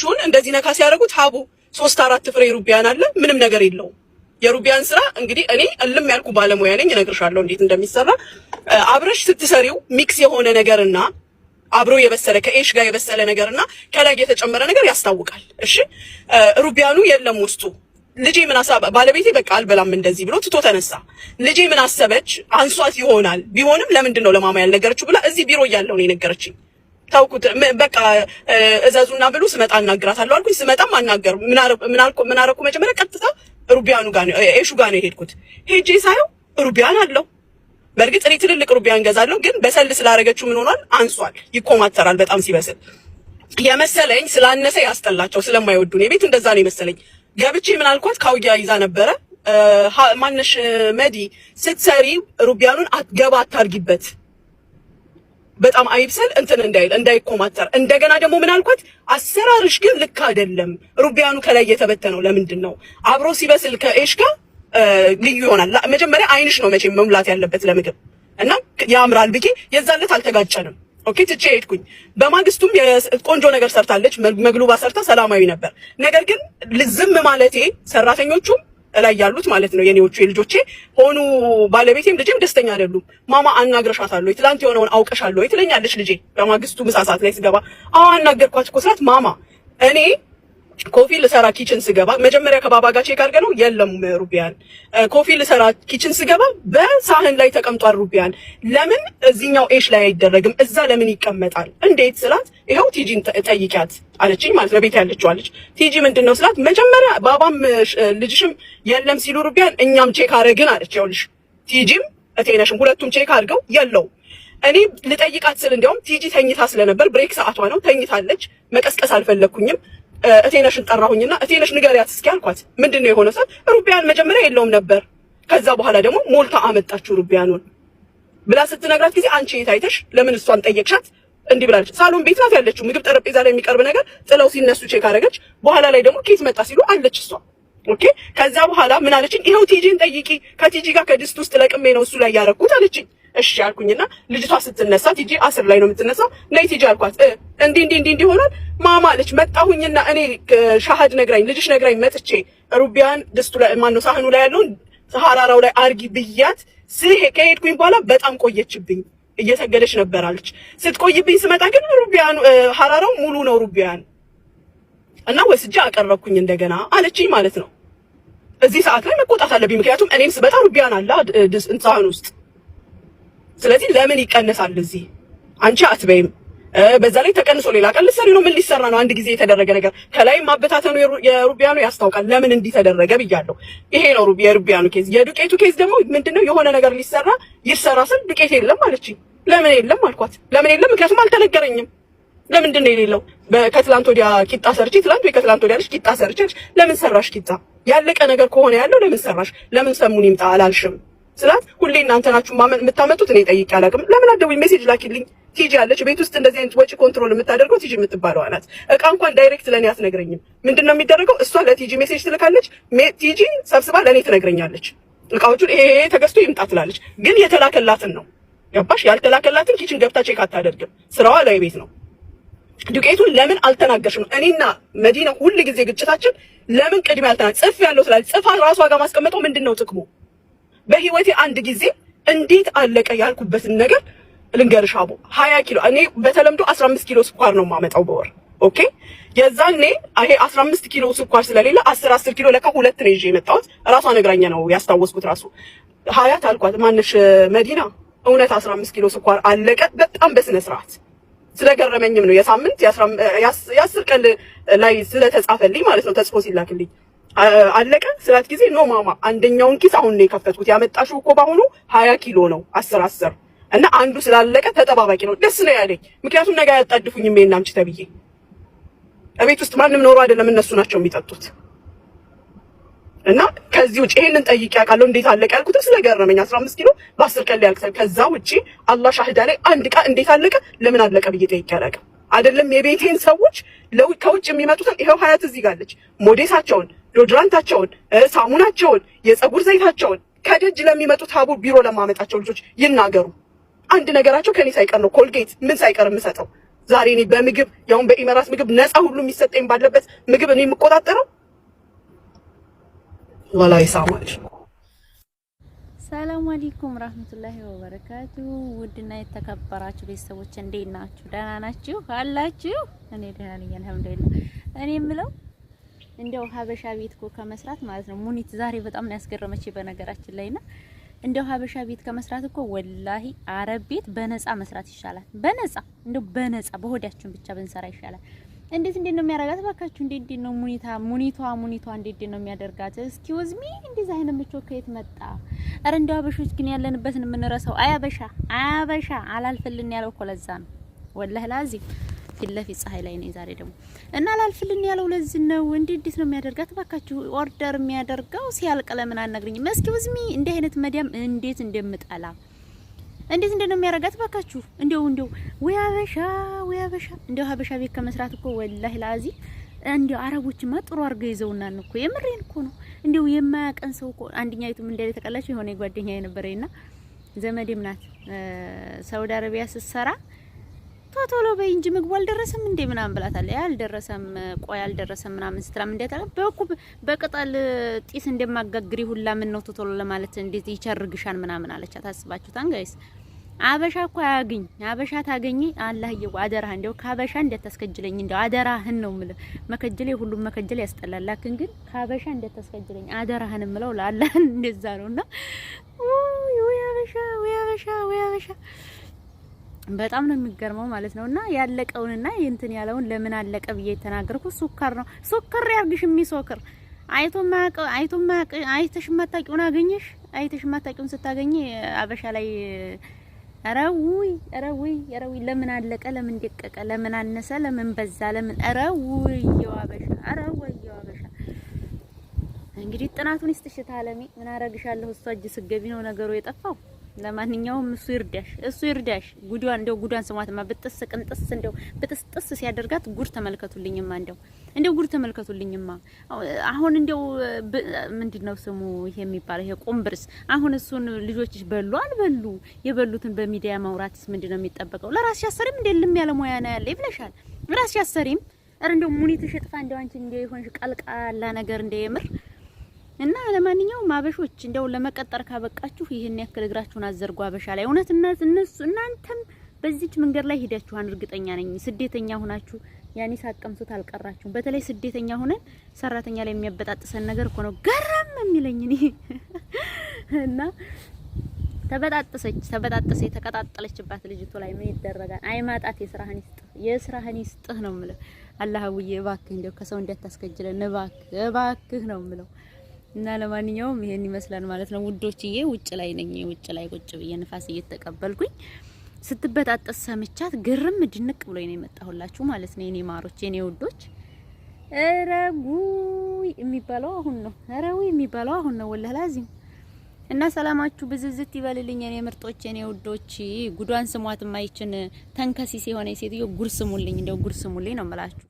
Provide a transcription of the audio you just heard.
ሹን እንደዚህ ነካ ሲያደርጉት ሀቡ ሶስት አራት ፍሬ ሩቢያን አለ። ምንም ነገር የለውም። የሩቢያን ስራ እንግዲህ እኔ እልም ያልኩ ባለሙያ ነኝ፣ እነግርሻለሁ እንዴት እንደሚሰራ አብረሽ ስትሰሪው ሚክስ የሆነ ነገርና አብሮ የበሰለ ከኤሽ ጋር የበሰለ ነገርና ከላይ የተጨመረ ነገር ያስታውቃል። እሺ ሩቢያኑ የለም ውስጡ ልጄ ምን አሳ ባለቤቴ በቃ አልበላም እንደዚህ ብሎ ትቶ ተነሳ። ልጄ ምን አሰበች አንሷት ይሆናል ቢሆንም ለምንድን ነው ለማማ ያልነገረችው ብላ እዚህ ቢሮ እያለሁ ነው የነገረችኝ። ታውቁት በቃ እዘዙና ብሎ ስመጣ አናግራታለሁ አልኩኝ። ስመጣም አናገር ምን መጀመሪያ ቀጥታ ሩቢያኑ ጋር ነው ኤሹ ጋር ነው የሄድኩት። ሄጄ ሳየው ሩቢያን አለው። በእርግጥ እኔ ትልልቅ ሩቢያን ገዛለሁ፣ ግን በሰል ስላደረገችው ምን ሆኗል? አንሷል፣ ይኮማተራል በጣም ሲበስል የመሰለኝ ስላነሰ ያስጠላቸው ስለማይወዱ ነው። ቤት እንደዛ ነው የመሰለኝ። ገብቼ ምን አልኳት፣ ካውያ ይዛ ነበረ። ማነሽ መዲ ስትሰሪ ሩቢያኑን ገባ አታርጊበት በጣም አይብሰል እንትን እንዳይል እንዳይኮማተር። እንደገና ደግሞ ምን አልኳት፣ አሰራርሽ ግን ልክ አይደለም። ሩቢያኑ ከላይ የተበተነው ለምንድን ነው? አብሮ ሲበስል ከኤሽ ጋር ልዩ ይሆናል። መጀመሪያ አይንሽ ነው መቼ መሙላት ያለበት ለምግብ እና ያምራል ብዬ የዛን ዕለት አልተጋጨንም። ኦኬ ትቼ ሄድኩኝ። በማግስቱም ቆንጆ ነገር ሰርታለች፣ መግሉባ ሰርታ ሰላማዊ ነበር። ነገር ግን ልዝም ማለቴ ሰራተኞቹም እላይ ያሉት ማለት ነው የኔዎቹ የልጆቼ ሆኑ ባለቤቴም ልጄም ደስተኛ አይደሉም። ማማ አናግረሻታለሁ፣ ትላንት የሆነውን አውቀሻለሁ ትለኛለች ልጄ በማግስቱ ምሳ ሰዓት ላይ ስገባ። አዎ አናገርኳት እኮ ስላት ማማ እኔ ኮፊ ልሰራ ኪችን ስገባ መጀመሪያ ከባባ ጋር ቼክ አድርገ ነው የለም ሩቢያን ኮፊ ልሰራ ኪችን ስገባ በሳህን ላይ ተቀምጧል ሩቢያን። ለምን እዚህኛው ኤሽ ላይ አይደረግም እዛ ለምን ይቀመጣል እንዴት ስላት ይኸው ቲጂን ጠይቂያት አለችኝ ማለት ነው። ቤት ያለችው አለች። ቲጂ ምንድን ነው ስላት መጀመሪያ ባባም ልጅሽም የለም ሲሉ ሩቢያን እኛም ቼክ አረግን አለች። ይኸውልሽ ቲጂም እቴነሽም ሁለቱም ቼክ አድርገው የለው እኔ ልጠይቃት ስል እንዲያውም ቲጂ ተኝታ ስለነበር ብሬክ ሰዓቷ ነው ተኝታለች። መቀስቀስ አልፈለግኩኝም። እቴነሽን ጠራሁኝና እቴነሽ ንገሪያት እስኪ አልኳት። ምንድን ነው የሆነ ሰት ሩቢያን መጀመሪያ የለውም ነበር ከዛ በኋላ ደግሞ ሞልታ አመጣችው ሩቢያኑን ብላ ስትነግራት ጊዜ አንቺ የታይተሽ ለምን እሷን ጠየቅሻት? እንዲህ ብላለች። ሳሎን ቤት ናት ያለችው ምግብ ጠረጴዛ ላይ የሚቀርብ ነገር ጥለው ሲነሱ ቼክ አደረገች። በኋላ ላይ ደግሞ ኬት መጣ ሲሉ አለች እሷ። ኦኬ ከዛ በኋላ ምን አለችኝ? ይኸው ቲጂን ጠይቂ፣ ከቲጂ ጋር ከድስት ውስጥ ለቅሜ ነው እሱ ላይ ያረኩት አለችኝ። እሺ አልኩኝና ልጅቷ ስትነሳ ቲጂ አስር ላይ ነው የምትነሳው። ነይ ቲጂ አልኳት። እንዲህ እንዲህ እንዲህ ሆኗል ማማ አለች። መጣሁኝና እኔ ሻሃድ ነግራኝ ልጅሽ ነግራኝ መጥቼ ሩቢያን ድስቱ ላይ ማነው ሳህኑ ላይ ያለውን ሀራራው ላይ አርጊ ብያት ስሄ ከሄድኩኝ በኋላ በጣም ቆየችብኝ። እየሰገደች ነበር አለች። ስትቆይብኝ ስመጣ ግን ሩቢያኑ ሀራራው ሙሉ ነው ሩቢያን እና ወስጄ አቀረብኩኝ እንደገና አለችኝ ማለት ነው። እዚህ ሰዓት ላይ መቆጣት አለብኝ፣ ምክንያቱም እኔም ስመጣ ሩቢያን አለ ሳህን ውስጥ። ስለዚህ ለምን ይቀነሳል? እዚህ አንቺ አትበይም። በዛ ላይ ተቀንሶ ሌላ ቀን ልትሰሪ ነው። ምን ሊሰራ ነው? አንድ ጊዜ የተደረገ ነገር ከላይ ማበታተኑ የሩቢያኑ ያስታውቃል። ለምን እንዲተደረገ ብያለሁ። ይሄ ነው የሩቢያኑ ኬዝ። የዱቄቱ ኬዝ ደግሞ ምንድነው? የሆነ ነገር ሊሰራ ይሰራ ስል ዱቄት የለም አለችኝ። ለምን የለም አልኳት። ለምን የለም? ምክንያቱም አልተነገረኝም። ለምንድን ነው የሌለው? ከትላንት ወዲያ ቂጣ ሰርቼ ትላንት ወይ ከትላንት ወዲያ ልጅ ቂጣ ሰርቼ ለምን ሰራሽ ቂጣ? ያለቀ ነገር ከሆነ ያለው ለምን ሰራሽ? ለምን ሰሙን ይምጣ አላልሽም ስላት ሁሌ እናንተ ናችሁ የምታመጡት፣ እኔ ጠይቄ አላውቅም። ለምን አትደውይም? ሜሴጅ ላኪልኝ። ቲጂ አለች ቤት ውስጥ እንደዚህ አይነት ወጪ ኮንትሮል የምታደርገው ቲጂ የምትባለው አላት። እቃ እንኳን ዳይሬክት ለእኔ አትነግረኝም። ምንድን ነው የሚደረገው? እሷ ለቲጂ ሜሴጅ ትልካለች። ቲጂ ሰብስባ ለእኔ ትነግረኛለች። እቃዎቹን ይሄ ተገዝቶ ይምጣ ትላለች። ግን የተላከላትን ነው ገባሽ? ያልተላከላትን ኪችን ገብታ ቼክ አታደርግም። ስራዋ ላይ ቤት ነው። ዱቄቱን ለምን አልተናገርሽም? እኔና መዲና ሁል ጊዜ ግጭታችን ለምን ቅድሜ ያልተና ጽፍ ያለው ስላለ ጽፋ ራሷ ጋር ማስቀመጠው ምንድን ነው ጥቅሙ? በህይወቴ አንድ ጊዜ እንዴት አለቀ ያልኩበትን ነገር ልንገርሽ አቦ፣ ሀያ ኪሎ እኔ በተለምዶ አስራ አምስት ኪሎ ስኳር ነው የማመጣው በወር ኦኬ። የዛኔ ይሄ አስራ አምስት ኪሎ ስኳር ስለሌለ አስር አስር ኪሎ ለካ ሁለት ነው ይዤ የመጣሁት። ራሷ ነግራኛ ነው ያስታወስኩት። ራሱ ሀያት አልኳት ማነሽ መዲና እውነት 15 ኪሎ ስኳር አለቀ። በጣም በስነ ስርዓት ስለገረመኝም ነው የሳምንት የአስር ቀን ላይ ስለተጻፈልኝ ማለት ነው ተጽፎ ሲላክልኝ አለቀ ስላት ጊዜ ኖ ማማ አንደኛውን ኪስ አሁን ነው የከፈትኩት። ያመጣሽው እኮ በአሁኑ ሀያ ኪሎ ነው አስር አስር እና አንዱ ስላለቀ ተጠባባቂ ነው። ደስ ነው ያለኝ ምክንያቱም ነገ ያጣድፉኝ ይሄን እናምች ተብዬ እቤት ውስጥ ማንም ኖሮ አይደለም እነሱ ናቸው የሚጠጡት እና ከዚህ ውጭ ይሄንን ጠይቄ አውቃለሁ። እንዴት አለቀ ያልኩትም ስለገረመኝ 15 ኪሎ በ10 ቀን ላይ ያልቅሳል። ከዛ ውጭ አላህ ሻህዳ ላይ አንድ ቀን እንዴት አለቀ ለምን አለቀ ብዬ ጠይቄ አላውቅም። አይደለም የቤቴን ሰዎች ከውጭ የሚመጡትን ይኸው ሀያት እዚህ ጋለች ሞዴሳቸውን፣ ዶድራንታቸውን፣ ሳሙናቸውን፣ የፀጉር ዘይታቸውን ከደጅ ለሚመጡት ሀቡ ቢሮ ለማመጣቸው ልጆች ይናገሩ። አንድ ነገራቸው ከኔ ሳይቀር ነው ኮልጌት ምን ሳይቀር የምሰጠው ዛሬ እኔ በምግብ ያሁን በኢመራስ ምግብ ነፃ ሁሉ የሚሰጠኝ ባለበት ምግብ እኔ የምቆጣጠረው በላይ ሳማች። ሰላም አለይኩም ረህመቱላሂ ወበረካቱ። ውድና የተከበራችሁ ቤተሰቦች እንዴት ናችሁ? ደህና ናችሁ አላችሁ? እኔ ደህና ነኝ አልሐምዱሊላህ። እኔ የምለው እንደው ሀበሻ ቤት እኮ ከመስራት ማለት ነው ሙኒት ዛሬ በጣም ነው ያስገረመች በነገራችን ላይና እንደው ሀበሻ ቤት ከመስራት እኮ ወላሂ አረብ ቤት በነፃ መስራት ይሻላል። በነፃ እንደው በነፃ በሆዳችን ብቻ ብንሰራ ይሻላል። እንዴት እንዴት ነው የሚያደርጋት? እባካችሁ እንዴት እንዴት ነው ሙኒታ ሙኒቷ ሙኒቷ እንዴት ነው የሚያደርጋት? እስኪ ወዝሚ እንደዛ አይነት ምቾት ከየት መጣ? አረ እንዲያው አበሾች ግን ያለንበትን የምንረሳው አያበሻ አያበሻ አላልፍልን ያለው እኮ ለዛ ነው። ወላህ ላዚ ፊት ለፊት ፀሐይ ላይ ነው ዛሬ ደግሞ እና አላልፍልን ያለው ለዚህ ነው። እንዴት እንዴት ነው የሚያደርጋት? እባካችሁ ኦርደር የሚያደርገው ሲያልቅ ለምን አናግሪኝ? እስኪ ወዝሚ እንዲህ አይነት መዲያም እንዴት እንደምጠላ እንዴት ነው የሚያረጋት ባካችሁ። እንደው እንደው ወይ አበሻ ወይ አበሻ እንደው ሀበሻ ቤት ከመስራት እኮ ወላሂ ላዚ እንደው አረቦችማ ጥሩ አድርገው ይዘውና እኮ የምሬን እኮ ነው። እንደው የማያቀን ሰው እኮ አንደኛ ይቱም እንዳለ ተቀላችሁ የሆነ ጓደኛ የነበረኝና ዘመዴም ናት ሳውዲ አረቢያ ስትሰራ ቶቶሎ በይ እንጂ ምግቡ አልደረሰም እንዴ ምናምን ብላታለች። አልደረሰም ቆይ አልደረሰም ምናምን ስትላም እንዴ ታለ በኩ በቅጠል ጢስ እንደማጋግሪ ሁላ ምን ነው ቶቶሎ ለማለት እንዴት ይቸርግሻን ምናምን አለች። ታስባችሁ ታንጋይስ አበሻ እኮ አያግኝ አበሻ ታገኝ አላህ ይው አደራህ እንደው ካበሻ እንደታስከጅለኝ እንደው አደራህን ነው ምለ መከጀል ሁሉም መከጀል ያስጠላል። ላክን ግን ካበሻ እንደታስከጅለኝ አደራህን ምለው ለአላህ እንደዛ ነውና ወይ አበሻ ወይ አበሻ ወይ አበሻ በጣም ነው የሚገርመው ማለት ነውና ያለቀውንና እንትን ያለውን ለምን አለቀ ብዬ ተናገርኩ ሱከር ነው። ሱከር ያርግሽ የሚሶክር አይቶ ማቀ አይቶ ማቀ አይተሽ ማታቂውን አገኘሽ። አይተሽ ማታቂውን ስታገኝ አበሻ ላይ ረውይ ረውይ ረውይ ለምን አለቀ፣ ለምን ደቀቀ፣ ለምን አነሰ፣ ለምን በዛ፣ ለምን ረውይ ያበሻ ረውይ ያበሻ እንግዲህ ጥናቱን ይስጥሽ ታለሚ ምን አረግሻለሁ። እሷ እጅ ስገቢ ነው ነገሩ የጠፋው። ለማንኛውም እሱ ይርዳሽ፣ እሱ ይርዳሽ። ጉዷን እንደው ጉዷን ስሟትማ ብጥስ ቅንጥስ እንደው ብጥስጥስ ሲያደርጋት ጉድ ተመልከቱልኝማ፣ እንደው እንደው ጉድ ተመልከቱልኝማ። አሁን እንደው ምንድነው ስሙ ይሄ የሚባለው ይሄ ቁምብርስ። አሁን እሱን ልጆችሽ በሉ አልበሉ የበሉትን በሚዲያ ማውራትስ ምንድነው የሚጠበቀው? ለራስሽ አሰሪም እንደልም ያለ ሙያ ነው ያለ ይብለሻል። ራስሽ አሰሪም እንደው ሙኒትሽ እጥፋ እንደው አንቺ እንደው ይሆንሽ ቀልቃላ ነገር እንደ እንደየምር እና ለማንኛውም አበሾች እንደው ለመቀጠር ካበቃችሁ ይህን ያክል እግራችሁን አዘርጉ። አበሻ ላይ እውነት እነሱ እናንተም በዚች መንገድ ላይ ሄዳችኋን እርግጠኛ ነኝ። ስደተኛ ሆናችሁ ያኔ ሳቀምሱት አልቀራችሁም። በተለይ ስደተኛ ሆነን ሰራተኛ ላይ የሚያበጣጥሰን ነገር እኮ ነው ገረም የሚለኝ እኔ እና ተበጣጠሰች ተበጣጠሰ የተቀጣጠለችባት ልጅቱ ላይ ምን ይደረጋል? አይማጣት የስራህን ይስጥ የስራህን ይስጥህ ነው የምለው። አላህ ውዬ እባክህ እንደው ከሰው እንዳታስከጅለን እባክህ እባክህ ነው የምለው። እና ለማንኛውም ይሄን ይመስላል ማለት ነው ውዶችዬ። ውጭ ላይ ነኝ፣ ውጭ ላይ ቁጭ ብዬ ንፋስ እየተቀበልኩኝ ስትበጣጠስ ሰምቻት ግርም ድንቅ ብሎ ነው የመጣሁላችሁ ማለት ነው የኔ ማሮች፣ የኔ ውዶች። ኧረ የሚባለው አሁን ነው። ረዊ የሚባለው አሁን ነው። ወላሂ ላዚም እና ሰላማችሁ ብዝዝት ይበልልኝ የኔ ምርጦች፣ የኔ ውዶች። ጉዷን ስሟት የማይችን ተንከሲስ የሆነ ሴትዮ ጉር እንደው ጉር ነው የምላችሁ።